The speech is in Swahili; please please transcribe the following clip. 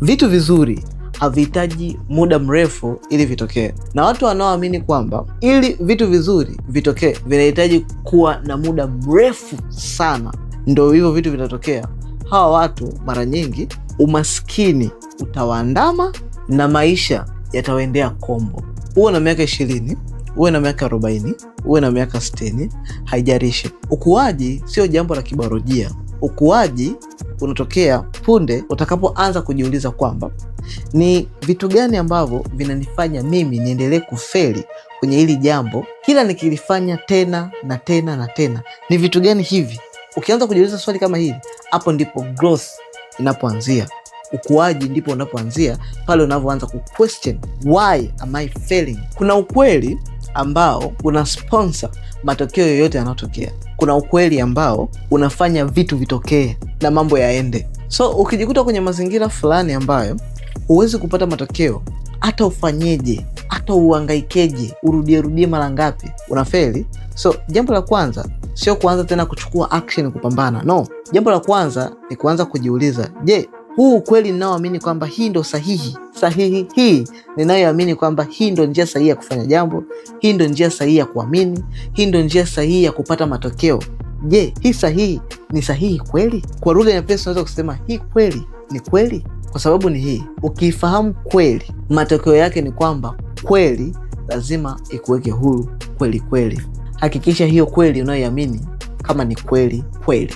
Vitu vizuri havihitaji muda mrefu ili vitokee, na watu wanaoamini kwamba ili vitu vizuri vitokee vinahitaji kuwa na muda mrefu sana ndo hivyo vitu vinatokea, hawa watu mara nyingi umaskini utawaandama na maisha yatawaendea kombo. Uwe na miaka ishirini, uwe na miaka arobaini, uwe na miaka sitini, haijarishi. Ukuaji sio jambo la kibiolojia. Ukuaji unatokea punde utakapoanza kujiuliza kwamba ni vitu gani ambavyo vinanifanya mimi niendelee kufeli kwenye hili jambo kila nikilifanya tena na tena na tena. Ni vitu gani hivi? Ukianza kujiuliza swali kama hili, hapo ndipo growth inapoanzia. Ukuaji ndipo unapoanzia pale unavyoanza ku question why am I failing. Kuna ukweli ambao una sponsor matokeo yoyote yanayotokea. Kuna ukweli ambao unafanya vitu vitokee na mambo yaende. So ukijikuta kwenye mazingira fulani ambayo huwezi kupata matokeo, hata ufanyeje, hata uhangaikeje, urudie rudie mara ngapi, unafeli. So jambo la kwanza sio kuanza tena kuchukua action kupambana, no. Jambo la kwanza ni kuanza kujiuliza, je, huu ukweli ninaoamini kwamba hii ndo sahihi sahihi, hii ninayoamini kwamba hii ndo njia sahihi ya kufanya jambo, hii ndo njia sahihi ya kuamini, hii ndo njia sahihi ya kupata matokeo. Je, hii sahihi ni sahihi kweli? Kwa lugha nyepesi unaweza kusema hii kweli ni kweli, kwa sababu ni hii. Ukiifahamu kweli, matokeo yake ni kwamba kweli lazima ikuweke huru kweli kweli. Hakikisha hiyo kweli unayoiamini kama ni kweli kweli.